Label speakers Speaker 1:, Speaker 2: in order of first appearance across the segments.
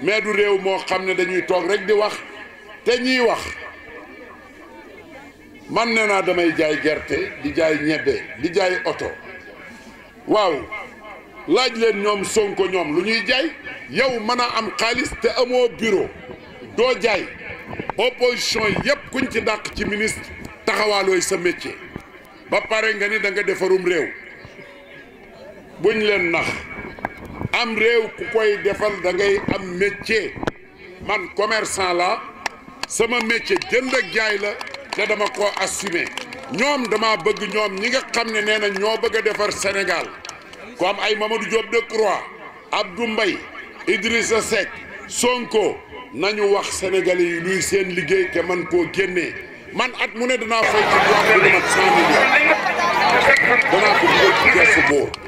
Speaker 1: mais du réew moo xam ne dañuy toog rek di wax te ñiy wax man nee naa damay jaay gerte di jaay ñebbe di jaay oto waaw laaj leen ñoom Sonko ñoom lu ñuy jaay yow mën a am xaalis te amoo buro doo jaay opposition yépp kuñ ci dàq ci ministre taxawaalooy sa métier ba pare nga ni danga defarum réew buñ leen nax am réew ku koy defal da ngay am métier man commerçant la sama métier jënd jaay la te dama ko assumer ñoom dama bëgg ñoom ñi nga xam ne nee na ñoo bëgg a defar Sénégal am ay Mamadou Diop Decroix Abdou Mbaye Idrissa Seck Sonko nañu wax Sénégalais yi luy seen liggéey te man koo génnee man at mu ne dana fay ci droit bu mat cent millions danaa ko dugal ci gerte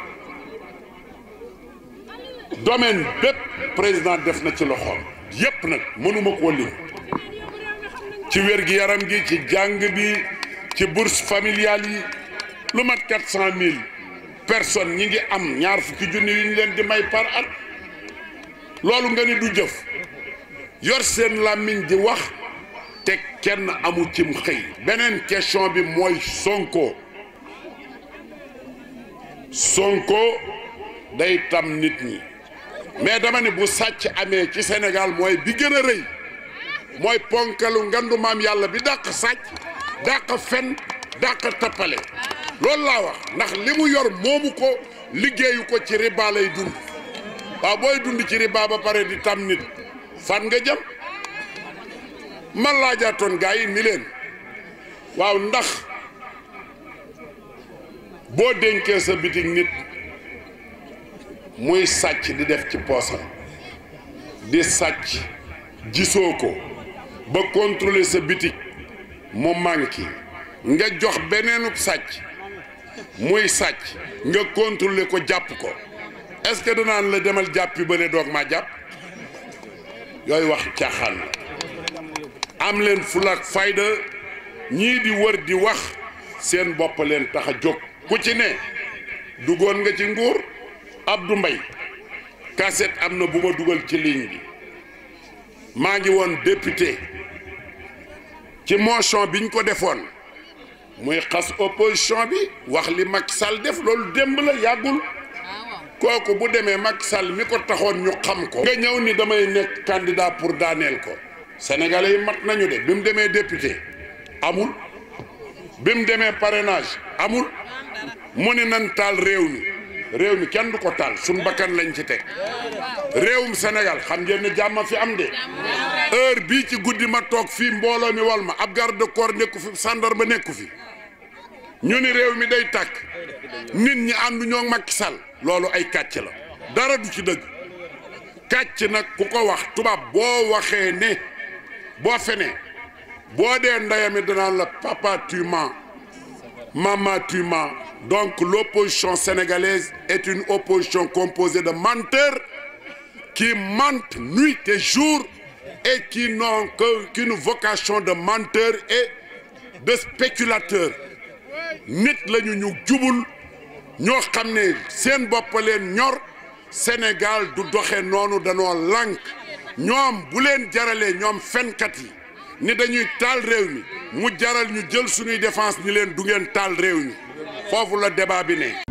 Speaker 1: domaine bépp président def na ci loxoom yépp nag mënuma ko lim ci wér-gi-yaram gi ci jàng bi ci bourse familiale yi lu mat quatre cent mille personnes ñi ngi am ñaar fukki junni yu ñu leen di may par at loolu nga ni du jëf yor seen làmmiñ di wax te kenn amul cim xëy beneen question bi mooy Sonko Sonko day tam nit ñi mais dama ne bu sàcc amee ci Sénégal mooy bi gën a rëy mooy ponkalu ngandumaam yàlla bi dàq sàcc dàq fen dàq tappale loolu laa wax ndax li mu yor moomu ko liggéeyu ko ci riba lay dund waaw booy dund ci riba ba pare di tam nit fan nga jëm man laajaatoon gars yi ni leen waaw ndax boo dénkee sa bitig nit muy sàcc di def ci poosam di sàcc gisoo ko ba contrôler sa bitik mu manqué nga jox beneenub sàcc muy sàcc nga contrôler ko jàpp ko est-ce que danaan la demal jàppi ba ne doog maa jàpp yooy wax càqaan la am leen fulaak fayda ñii di wër di wax seen bopp leen tax a jóg ku ci ne duggoon nga ci nguur Abdou Mbaye cassette amna buma bu député ci motion biñ ko opposition bi wax li Macky Sall def lolou la bu démé Macky Sall mi candidat pour Daniel. sénégalais mat nañu de mes députés. député amul mes démé parrainage amul nan réew mi kenn du ko taal suñ bakkan lañ ci teg réewum Sénégal xam ngeen ne jàmm fi am de heure bii ci guddi ma toog fii mbooloo mi wal ma ab garde corps nekku fi ba nekku fi ñu ni réew mi day tàkk nit ñi àndu ñoo Macky Sall loolu ay kàcc la dara du ci dëgg kàcc nag ku ko wax tubaab boo waxee ne boo fene boo dee ndayami danaan la papa tu mens mama tu mens Donc l'opposition sénégalaise est une opposition composée de menteurs qui mentent nuit et jour et qui n'ont qu'une vocation de menteurs et de spéculateurs. nit la ñu ñu jubul ñoo xam ne bopp leen ñor Sénégal du doxé nonu danoo lank ñom bu leen jaralé ñom fenkat yi ni dañuy tal réew mi mu jaral ñu jël suñu défense ni leen du ngén tal réew foofu la débat bi ne